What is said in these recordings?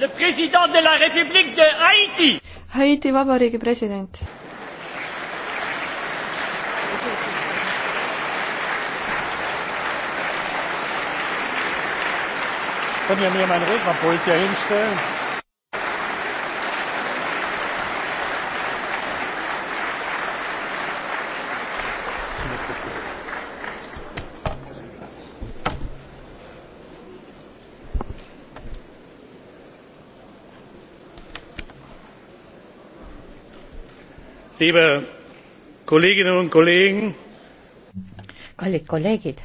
Le président de la République de Haïti. Haiti Vabariigi president. Können wir mir mein Rednerpult hier hinstellen? liebe kolleginnen und kollegen! kallid kolleegid!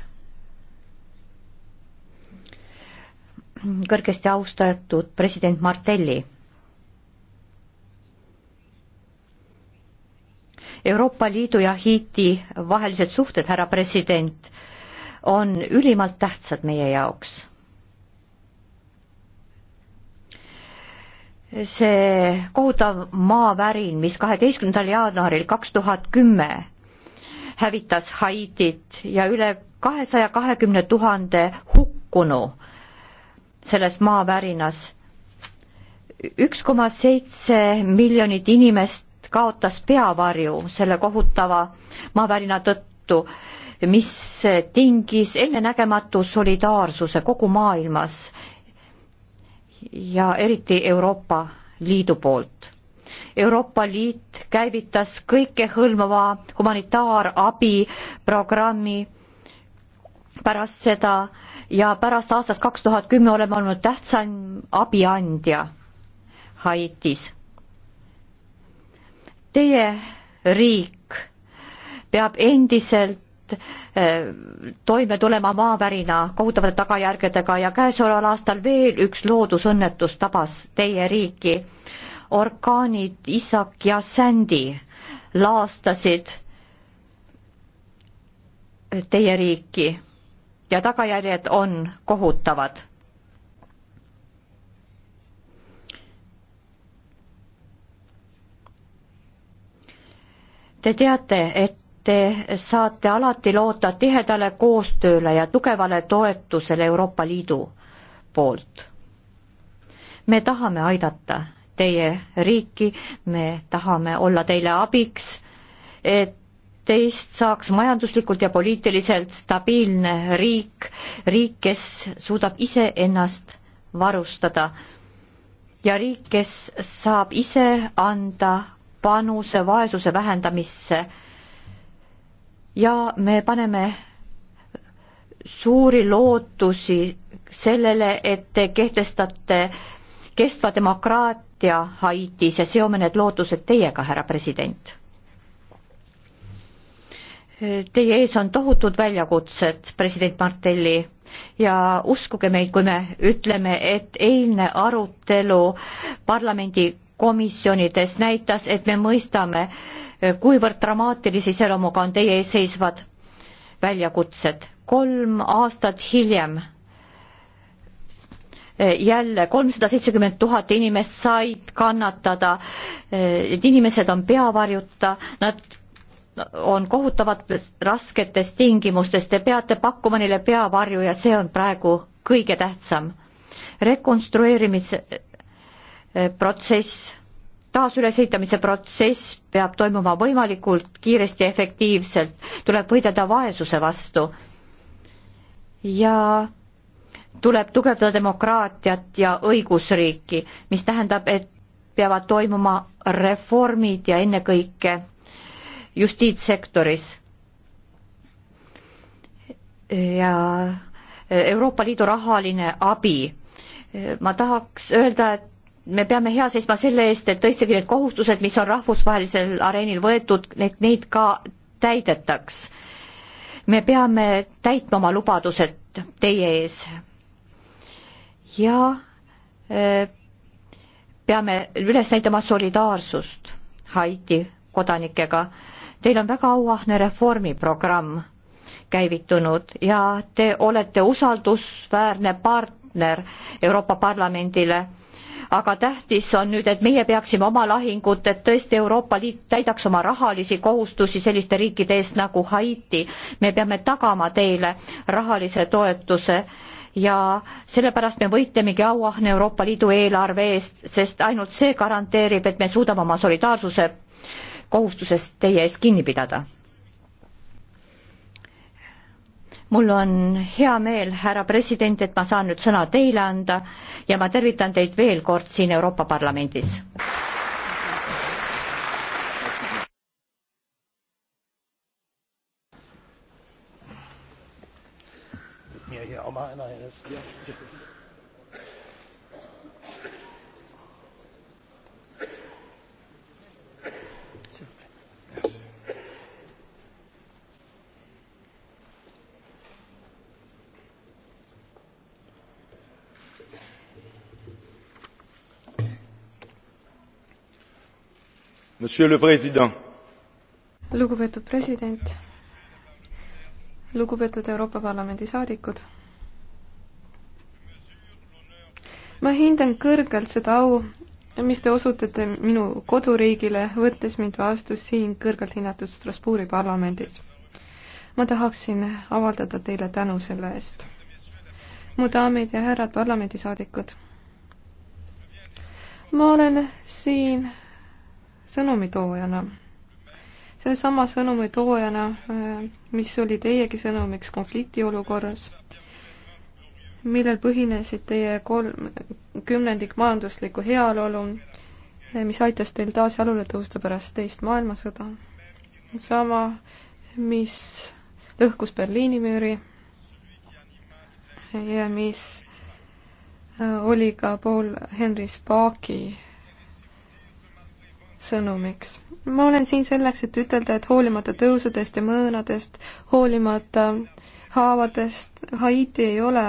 kõrgesti austatud president Martelli. Euroopa Liidu ja Haiti vahelised suhted, härra president, on ülimalt tähtsad meie jaoks see kohutav maavärin, mis kaheteistkümnendal jaanuaril kaks tuhat kümme hävitas Haitit ja üle kahesaja kahekümne tuhande hukkunu selles maavärinas. üks koma seitse miljonit inimest kaotas peavarju selle kohutava maavärina tõttu, mis tingis ennenägematu solidaarsuse kogu maailmas ja eriti Euroopa Liidu poolt. Euroopa Liit käivitas kõikehõlmava humanitaarabi programmi pärast seda ja pärast aastast kaks tuhat kümme oleme olnud tähtsaim abiandja Haitis. Teie riik peab endiselt Eh, toime tulema maavärina kohutavate tagajärgedega ja käesoleval aastal veel üks loodusõnnetus tabas teie riiki. orkaanid Isak ja Sandy laastasid teie riiki ja tagajärjed on kohutavad. Te teate, et te saate alati loota tihedale koostööle ja tugevale toetusele Euroopa Liidu poolt. me tahame aidata teie riiki, me tahame olla teile abiks, et teist saaks majanduslikult ja poliitiliselt stabiilne riik, riik, kes suudab iseennast varustada ja riik, kes saab ise anda panuse vaesuse vähendamisse ja me paneme suuri lootusi sellele, et te kehtestate kestva demokraatia Haitis ja seome need lootused teiega, härra president. Teie ees on tohutud väljakutsed, president Martelli, ja uskuge meid, kui me ütleme, et eilne arutelu parlamendi komisjonides näitas, et me mõistame, kuivõrd dramaatilise iseloomuga on teie ees seisvad väljakutsed. kolm aastat hiljem jälle kolmsada seitsekümmend tuhat inimest said kannatada, et inimesed on peavarjuta, nad on kohutavates rasketes tingimustes, te peate pakkuma neile peavarju ja see on praegu kõige tähtsam. rekonstrueerimise protsess taasülesehitamise protsess peab toimuma võimalikult kiiresti ja efektiivselt, tuleb võidelda vaesuse vastu ja tuleb tugevdada demokraatiat ja õigusriiki, mis tähendab, et peavad toimuma reformid ja ennekõike justiitssektoris. ja Euroopa Liidu rahaline abi. ma tahaks öelda, et me peame hea seisma selle eest, et tõesti need kohustused, mis on rahvusvahelisel areenil võetud, et neid ka täidetaks. me peame täitma oma lubadused teie ees. ja äh, peame üles näitama solidaarsust Haiti kodanikega. Teil on väga auahne reformiprogramm käivitunud ja te olete usaldusväärne partner Euroopa Parlamendile aga tähtis on nüüd, et meie peaksime oma lahingut, et tõesti Euroopa Liit täidaks oma rahalisi kohustusi selliste riikide ees nagu Haiti. me peame tagama teile rahalise toetuse ja sellepärast me võitlemegi auahne Euroopa Liidu eelarve eest, sest ainult see garanteerib, et me suudame oma solidaarsuse kohustusest teie ees kinni pidada mul on hea meel, härra president, et ma saan nüüd sõna teile anda ja ma tervitan teid veel kord siin Euroopa Parlamendis. mir hier auch mal einer hin. lugupeetud president lugupeetud euroopa parlamendi saadikud ma hindan kõrgelt seda au mis te osutate minu koduriigile võttes mind vastu siin kõrgelt hinnatud strasbourgi parlamendis ma tahaksin avaldada teile tänu selle eest mu daamid ja härrad parlamendisaadikud ma olen siin sõnumitoojana. sellesama sõnumitoojana, äh, mis oli teiegi sõnumiks konfliktiolukorras, millel põhinesid teie kolm, kümnendik majanduslikku heaolu, äh, mis aitas teil taas jalule tõusta pärast teist maailmasõda. sama, mis lõhkus Berliini müüri ja mis äh, oli ka Paul Henry Spaaki sõnumiks. ma olen siin selleks, et ütelda, et hoolimata tõusudest ja mõõnadest, hoolimata haavadest, Haiti ei ole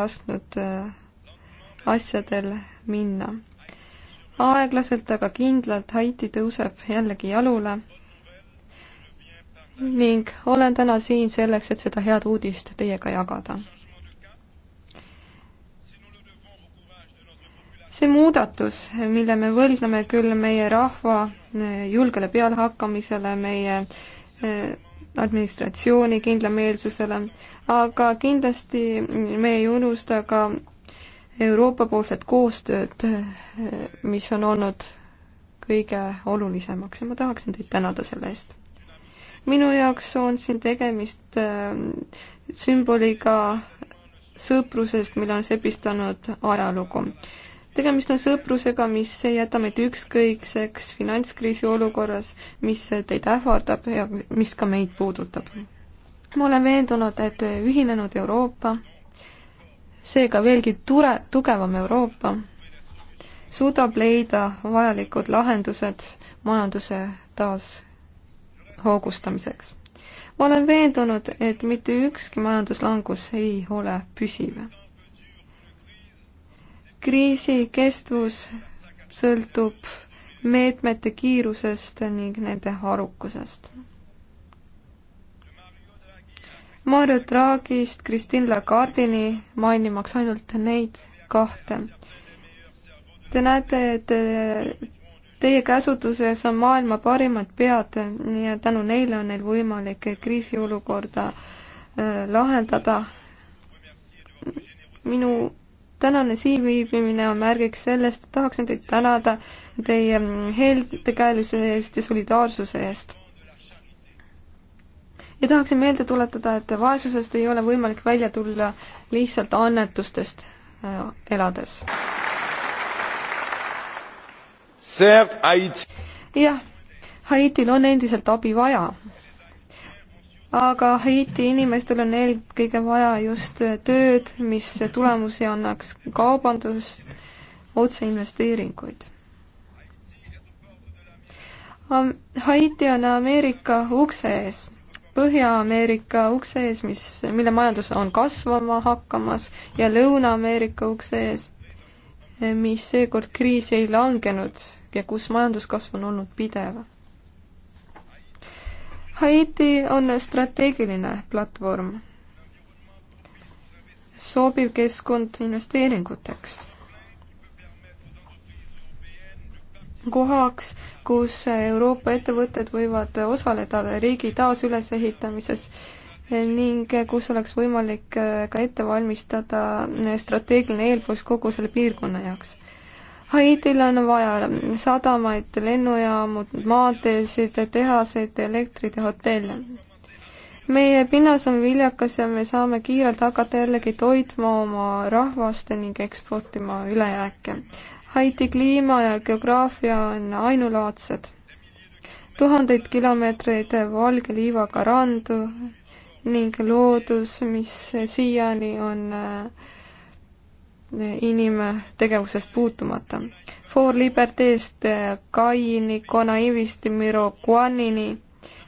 lasknud äh, asjadel minna. aeglaselt, aga kindlalt Haiti tõuseb jällegi jalule ning olen täna siin selleks, et seda head uudist teiega jagada see muudatus, mille me võlgneme küll meie rahva eh, julgele pealehakkamisele, meie eh, administratsiooni kindlameelsusele, aga kindlasti me ei unusta ka Euroopa-poolset koostööd, eh, mis on olnud kõige olulisemaks ja ma tahaksin teid tänada selle eest. minu jaoks on siin tegemist sümboliga sõprusest, mille on sepistanud ajalugu tegemist on sõprusega, mis ei jäta meid ükskõikseks finantskriisi olukorras, mis teid ähvardab ja mis ka meid puudutab. ma olen veendunud, et ühinenud Euroopa, seega veelgi ture, tugevam Euroopa, suudab leida vajalikud lahendused majanduse taashoogustamiseks. ma olen veendunud, et mitte ükski majanduslangus ei ole püsiv kriisi kestvus sõltub meetmete kiirusest ning nende arukusest. Mario Draghist Christine Lagardini mainimaks ainult neid kahte. Te näete, et teie käsutuses on maailma parimad pead ja tänu neile on neil võimalik kriisiolukorda äh, lahendada. minu tänane siinviibimine on märgiks sellest, et tahaksin teid tänada teie heldekäeluse eest ja solidaarsuse eest. ja tahaksin meelde tuletada, et vaesusest ei ole võimalik välja tulla lihtsalt annetustest äh, elades. jah, Haitil on endiselt abi vaja aga Haiti inimestel on eelkõige vaja just tööd, mis tulemusi annaks kaubandust, otseinvesteeringuid. Haiti on Ameerika ukse ees, Põhja-Ameerika ukse ees, mis, mille majandus on kasvama hakkamas ja Lõuna-Ameerika ukse ees, mis seekord kriisi ei langenud ja kus majanduskasv on olnud pidev Haiti on strateegiline platvorm, sobiv keskkond investeeringuteks, kohaks, kus Euroopa ettevõtted võivad osaleda riigi taasülesehitamises ning kus oleks võimalik ka ette valmistada strateegiline eelpool kogu selle piirkonna jaoks. Haitil on vaja sadamaid, lennujaamu, maanteesid, tehaseid, elektrit ja hotelle. meie pinnas on viljakas ja me saame kiirelt hakata jällegi toitma oma rahvast ning eksportima ülejääke. Haiti kliima ja geograafia on ainulaadsed. tuhandeid kilomeetreid valge liivaga randu ning loodus, mis siiani on äh, inimtegevusest puutumata. For Libertest eh, Kaini, Konaivisti, Miro Guanini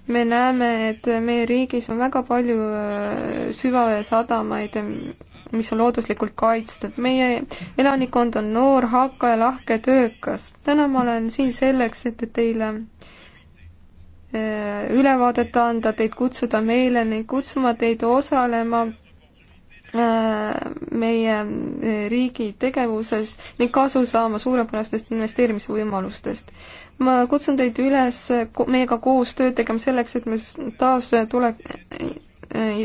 me näeme, et meie riigis on väga palju eh, süvaveesadamaid, eh, mis on looduslikult kaitstud. meie elanikkond on noor, hakkaja, lahke, töökas. täna ma olen siin selleks, et teile ülevaadet anda, teid kutsuda meile ning kutsuma teid osalema Äh, meie äh, riigi tegevuses ning kasu saama suurepärastest investeerimisvõimalustest. ma kutsun teid üles meiega koos tööd tegema selleks, et me taas tule-, äh,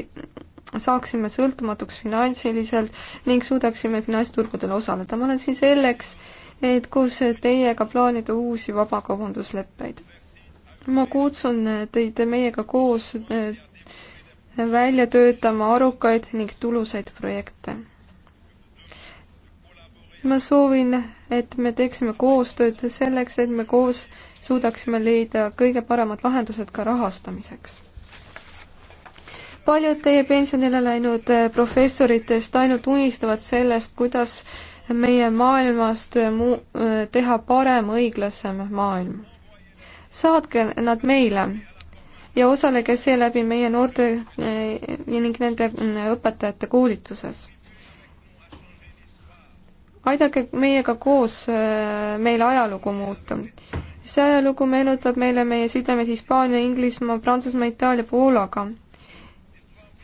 saaksime sõltumatuks finantsiliselt ning suudaksime finantsturgudel osaleda. ma olen siin selleks, et koos teiega plaanida uusi vabakaubandusleppeid. ma kutsun teid meiega koos välja töötama arukaid ning tulusaid projekte. ma soovin, et me teeksime koostööd selleks, et me koos suudaksime leida kõige paremad lahendused ka rahastamiseks. paljud teie pensionile läinud professoritest ainult unistavad sellest, kuidas meie maailmast mu-, teha parem, õiglasem maailm. saatke nad meile ja osalege seeläbi meie noorte ning nende õpetajate koolituses. aidake meiega koos äh, meil ajalugu muuta. see ajalugu meenutab meile meie südamed Hispaania, Inglismaa, Prantsusmaa, Itaalia, Poolaga.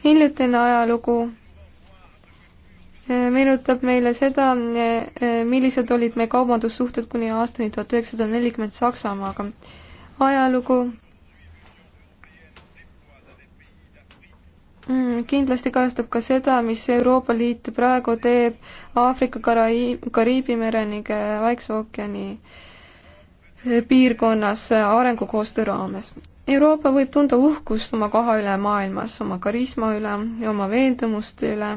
hiljutine ajalugu äh, meenutab meile seda, äh, millised olid meie kaubandussuhted kuni aastani tuhat üheksasada nelikümmend Saksamaaga. ajalugu Mm, kindlasti kajastab ka seda, mis Euroopa Liit praegu teeb Aafrika, Kariibi mere ning äh, Vaikse ookeani äh, piirkonnas äh, arengukoostöö raames. Euroopa võib tunda uhkust oma koha üle maailmas, oma karisma üle, oma veendumuste üle,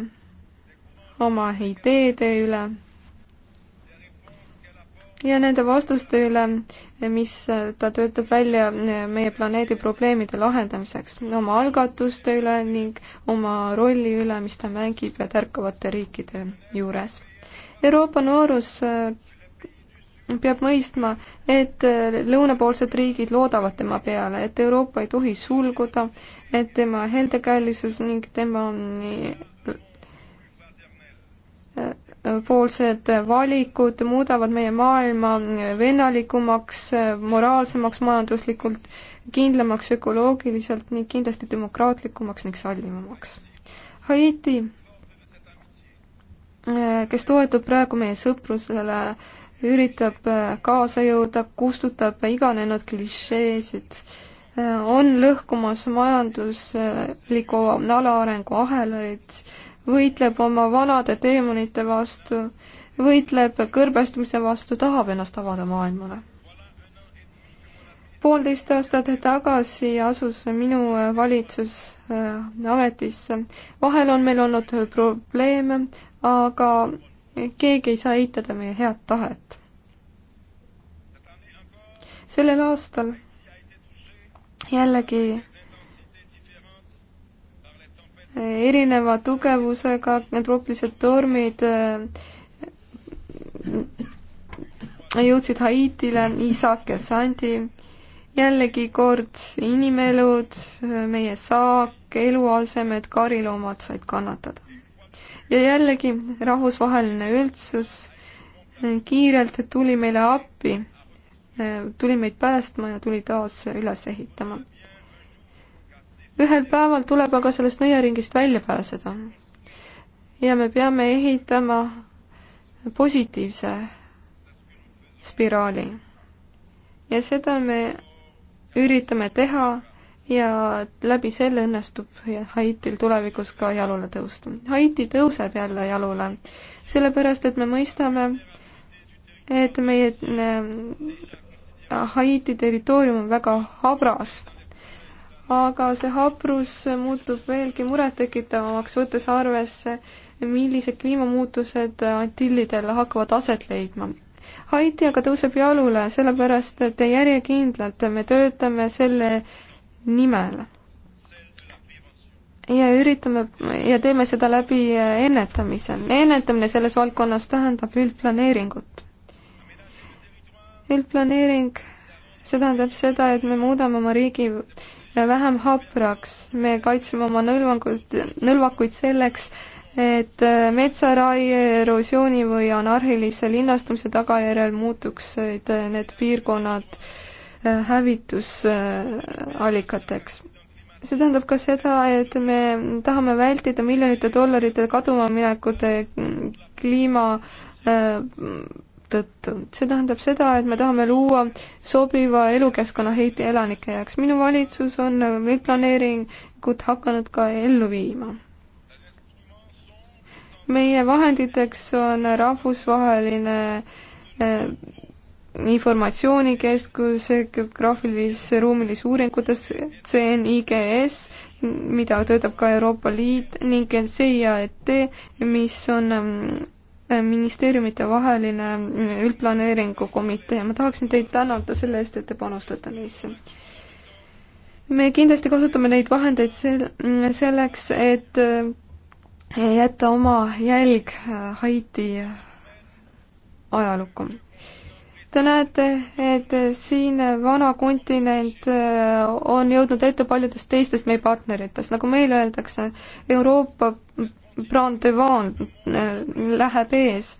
oma ideede üle ja nende vastuste üle, mis ta töötab välja meie planeedi probleemide lahendamiseks, oma algatuste üle ning oma rolli üle, mis ta mängib tärkavate riikide juures. Euroopa noorus äh, peab mõistma, et äh, lõunapoolsed riigid loodavad tema peale, et Euroopa ei tohi sulguda, et tema heldekäelisus ning tema nii äh, poolsed valikud muudavad meie maailma vennalikumaks, moraalsemaks majanduslikult, kindlamaks ökoloogiliselt ning kindlasti demokraatlikumaks ning sallivamaks. Haiti, kes toetub praegu meie sõprusele, üritab kaasa jõuda, kustutab iganenud klišeesid, on lõhkumas majandusliku alaarengu ahelaid, võitleb oma vanade teemonite vastu, võitleb kõrbestumise vastu, tahab ennast avada maailmale. poolteist aastat tagasi asus minu valitsus äh, ametisse. vahel on meil olnud probleeme, aga keegi ei saa eitada meie head tahet. sellel aastal jällegi erineva tugevusega troopilised tormid äh, jõudsid Haitile, Isak ja Sandi, jällegi kord inimelud, meie saak, eluasemed, kariloomad said kannatada. ja jällegi rahvusvaheline üldsus äh, kiirelt tuli meile appi, äh, tuli meid päästma ja tuli taas üles ehitama ühel päeval tuleb aga sellest nõiaringist välja pääseda. ja me peame ehitama positiivse spiraali. ja seda me üritame teha ja läbi selle õnnestub Haitil tulevikus ka jalule tõusta. Haiti tõuseb jälle jalule, sellepärast et me mõistame, et meie äh, Haiti territoorium on väga habras aga see haprus muutub veelgi murettekitavamaks, võttes arvesse, millised kliimamuutused Antillidel hakkavad aset leidma. Haiti aga tõuseb jalule, sellepärast et järjekindlalt me töötame selle nimel. ja üritame ja teeme seda läbi ennetamise. ennetamine selles valdkonnas tähendab üldplaneeringut. üldplaneering, see tähendab seda, et me muudame oma riigi vähem hapraks, me kaitseme oma nõlvangut, nõlvakuid selleks, et äh, metsaraie, erosiooni või anarhilise linnastumise tagajärjel muutuksid äh, need piirkonnad äh, hävitusallikateks. see tähendab ka seda, et me tahame vältida miljonite dollarite kaduma minekut mm, kliima tõttu. see tähendab seda, et me tahame luua sobiva elukeskkonna Haiti elanike jaoks. minu valitsus on planeeringut hakanud ka ellu viima. meie vahenditeks on rahvusvaheline eh, informatsioonikeskus geograafilis-, ruumilis uuringutes CNIGS, mida töötab ka Euroopa Liit ning CIAT, mis on mm, ministeeriumite vaheline üldplaneeringu komitee. ma tahaksin teid tänada selle eest, et te panustate neisse. me kindlasti kasutame neid vahendeid sel-, selleks, et äh, jätta oma jälg äh, Haiti äh, ajalukku. Te näete, et siin vana kontinent on jõudnud ette paljudest teistest meie partneritest, nagu meile öeldakse, Euroopa Brandevon äh, läheb ees.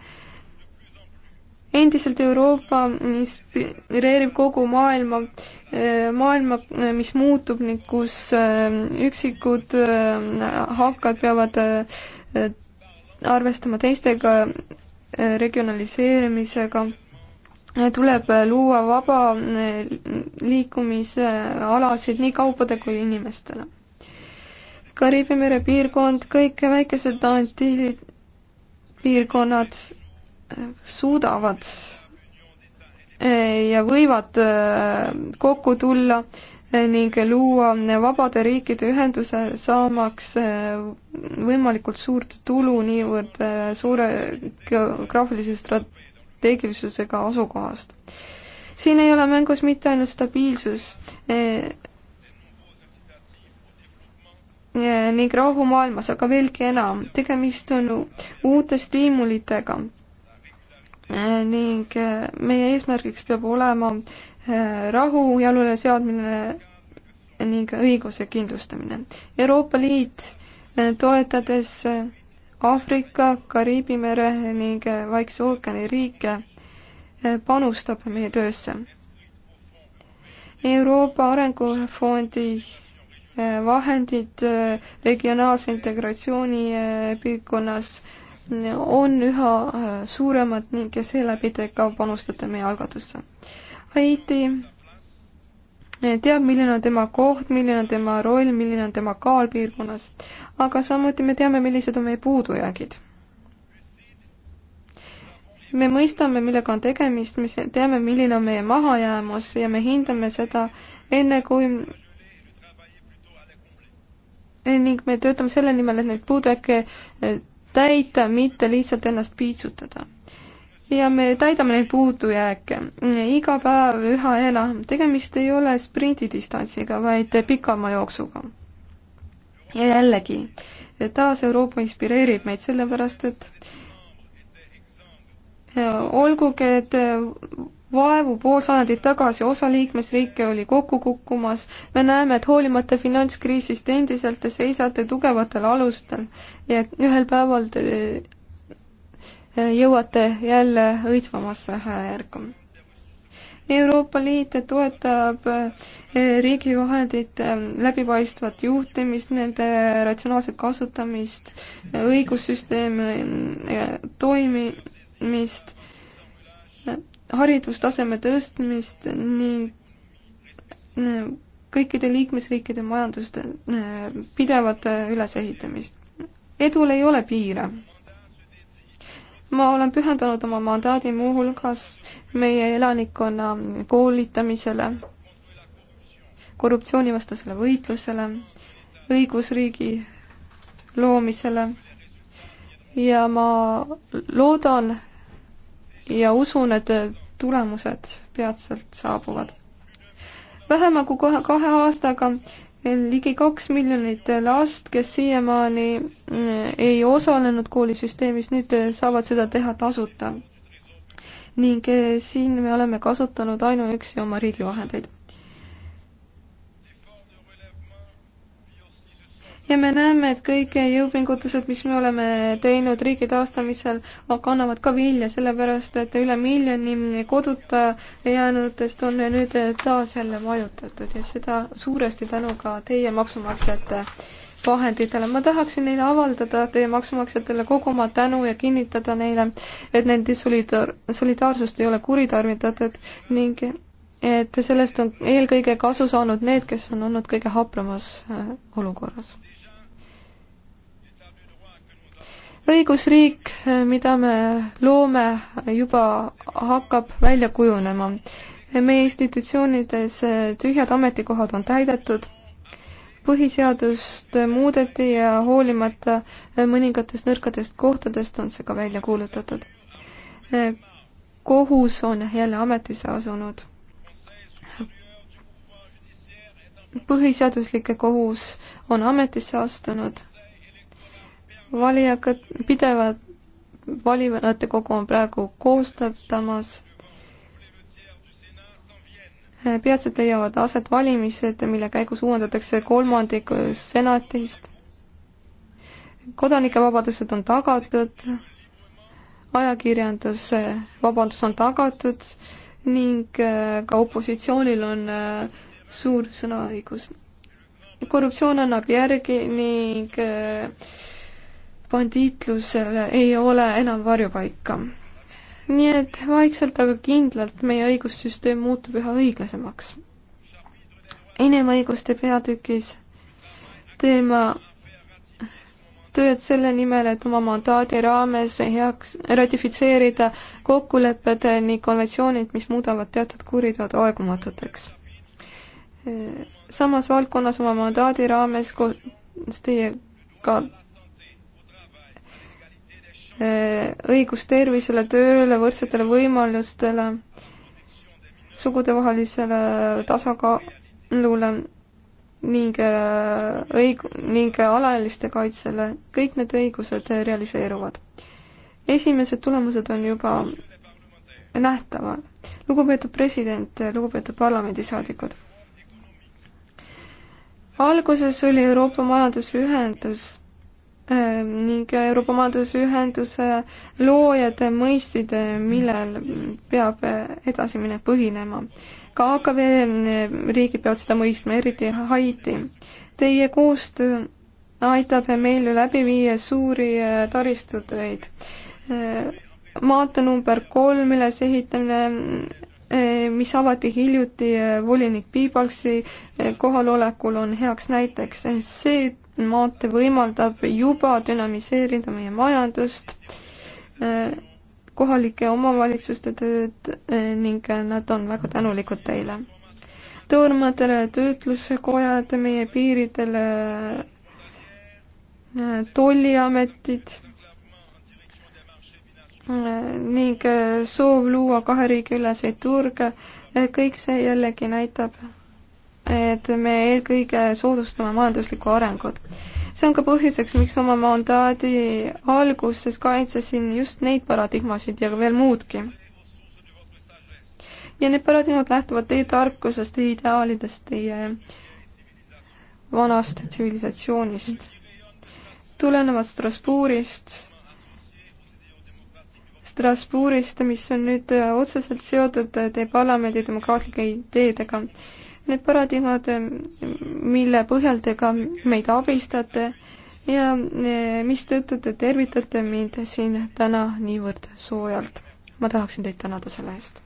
endiselt Euroopa inspireerib kogu maailma, äh, maailma, äh, mis muutub ning kus üksikud hakkad peavad arvestama teistega regionaliseerimisega, tuleb luua vaba liikumisalasid nii kaupade kui inimestele Kariibi mere piirkond, kõik väikesed antipiirkonnad äh, suudavad äh, ja võivad äh, kokku tulla ning luua vabade riikide ühenduse, saamaks võimalikult suurt tulu niivõrd suure geograafilise strateegilisusega asukohast. siin ei ole mängus mitte ainult stabiilsus, ning rahu maailmas, aga veelgi enam, tegemist on uute stiimulitega. ning eh, meie eesmärgiks peab olema eh, rahu jalule seadmine ning õiguse kindlustamine. Euroopa Liit eh, toetades Aafrika, Kariibi mere ning Vaikse ookeani riike panustab meie töösse. Euroopa Arengufondi vahendid äh, regionaalse integratsiooni äh, piirkonnas äh, on üha suuremad ning seeläbi te ka panustate meie algatusse. Haiti teab, milline on tema koht, milline on tema roll, milline on tema kaal piirkonnas, aga samuti me teame, millised on meie puudujäägid. me mõistame, millega on tegemist, me teame, milline on meie mahajäämus ja me hindame seda enne, kui ning me töötame selle nimel, et neid puudujääke eh, täita, mitte lihtsalt ennast piitsutada. ja me täidame neid puudujääke iga päev üha enam. tegemist ei ole sprindidistantsiga, vaid pikama jooksuga. ja jällegi, taas Euroopa inspireerib meid sellepärast, et eh, olgugi, et vaevu pool sajandit tagasi, osa liikmesriike oli kokku kukkumas. me näeme, et hoolimata finantskriisist endiselt te seisate tugevatel alustel ja ühel päeval te eh, jõuate jälle õitsvamasse äärku. Euroopa Liit toetab eh, riigi vahendite eh, läbipaistvat juhtimist, nende ratsionaalset kasutamist, õigussüsteemi toimimist haridustaseme tõstmist ning kõikide liikmesriikide majanduste pidevat äh, ülesehitamist. edul ei ole piire. ma olen pühendanud oma mandaadi muuhulgas meie elanikkonna koolitamisele, korruptsioonivastasele võitlusele, õigusriigi loomisele ja ma loodan ja usun, et tulemused peatselt saabuvad. vähema kui kohe kahe aastaga eh, ligi kaks miljonit last, kes siiamaani eh, ei osalenud koolisüsteemis, nüüd eh, saavad seda teha tasuta. ning siin me oleme kasutanud ainuüksi oma riigi vahendeid ja me näeme, et kõik jõupingutused, mis me oleme teinud riigi taastamisel, kannavad ka vilja, sellepärast et üle miljoni koduta jäänutest on nüüd taas jälle vajutatud ja seda suuresti tänu ka teie maksumaksjate vahenditele. ma tahaksin neile avaldada, teie maksumaksjatele, kogu oma tänu ja kinnitada neile, et nende solidaar-, solidaarsust ei ole kuritarvitatud ning et sellest on eelkõige kasu saanud need, kes on olnud kõige hapramas äh, olukorras. õigusriik, mida me loome, juba hakkab välja kujunema. meie institutsioonides tühjad ametikohad on täidetud, põhiseadust muudeti ja hoolimata mõningatest nõrkadest kohtadest on see ka välja kuulutatud. kohus on jälle ametisse asunud põhiseaduslik kohus on ametisse astunud valijaga pidevad, valijate kogu on praegu koostatamas. peatselt leiavad aset valimised, mille käigus uuendatakse kolmandik senatist. kodanikevabadused on tagatud, ajakirjanduse vabadus on tagatud ning äh, ka opositsioonil on äh, suur sõnaõigus. korruptsioon annab järgi ning äh, bandiitlusele ei ole enam varjupaika. nii et vaikselt, aga kindlalt meie õigussüsteem muutub üha õiglasemaks. inimõiguste peatükis teema tööd selle nimel, et oma mandaadi raames heaks ratifitseerida kokkulepped ning konventsioonid, mis muudavad teatud kuriteod aegumatuteks. samas valdkonnas oma mandaadi raames koos teiega õigus tervisele, tööle, võrdsetele võimalustele, sugudevahelisele tasakaalule ning äh, õig-, ning alaealiste kaitsele, kõik need õigused realiseeruvad. esimesed tulemused on juba nähtavad. lugupeetud president, lugupeetud parlamendisaadikud. alguses oli Euroopa Majandusühendus Äh, ning Euroopa Majandusühenduse loojad mõistsid, äh, millel peab äh, edasiminek põhinema. ka AKV riigid peavad seda mõistma, eriti Haiti. Teie koostöö aitab meil ju läbi viia suuri taristutöid. maantee number kolm üles ehitamine, mis avati hiljuti volinik Piibalksi kohalolekul, on heaks näiteks. see maantee võimaldab juba dünamiseerida meie majandust, kohalike omavalitsuste tööd ning nad on väga tänulikud teile. toormatele töötlusekojad meie piiridel, tolliametid ning soov luua kahe riigi üleseid turge, kõik see jällegi näitab, et me eelkõige soodustame majanduslikku arengut. see on ka põhjuseks, miks oma mandaadi alguses kaitsesin just neid paradigmasid ja veel muudki. ja need paradigmad lähtuvad teie tarkusest, teie ideaalidest, teie vanast tsivilisatsioonist. tulenevad Strasbourgist, Strasbourgist, mis on nüüd otseselt seotud teie parlamendi demokraatlike ideedega need paradigmad, mille põhjal te ka meid abistate ja eh, mistõttu te tervitate mind siin täna niivõrd soojalt. ma tahaksin teid tänada selle eest.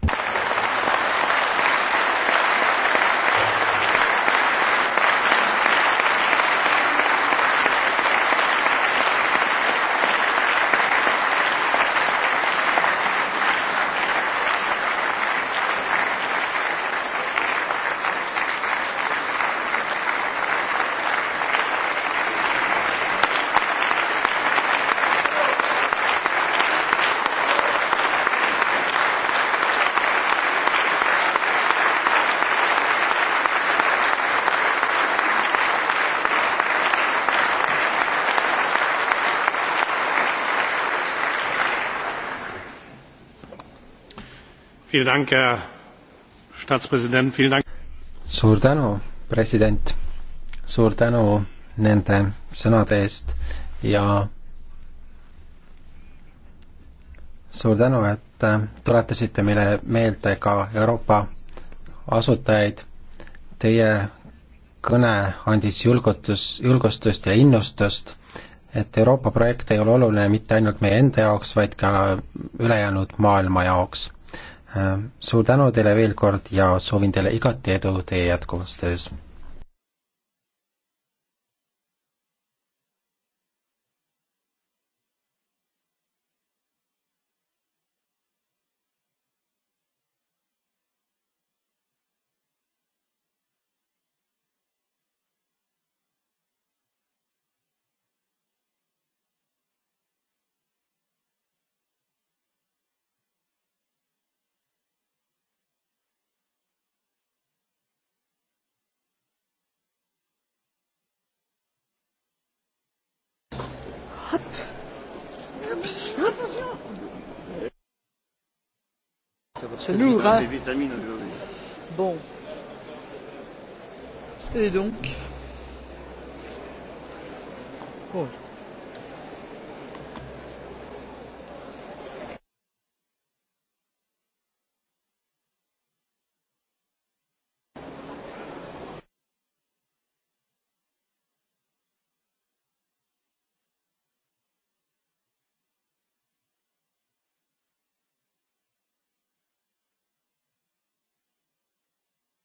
suur tänu, president, suur tänu nende sõnade eest ja suur tänu, et äh, tuletasite meile meelde ka Euroopa asutajaid. Teie kõne andis julgutus, julgustust ja innustust, et Euroopa projekt ei ole oluline mitte ainult meie enda jaoks, vaid ka ülejäänud maailma jaoks suur tänu teile veel kord ja soovin teile igati edu teie jätkuvas töös! C'est lourd, hein les vitamines aujourd'hui. Bon. Et donc Bon. Oh.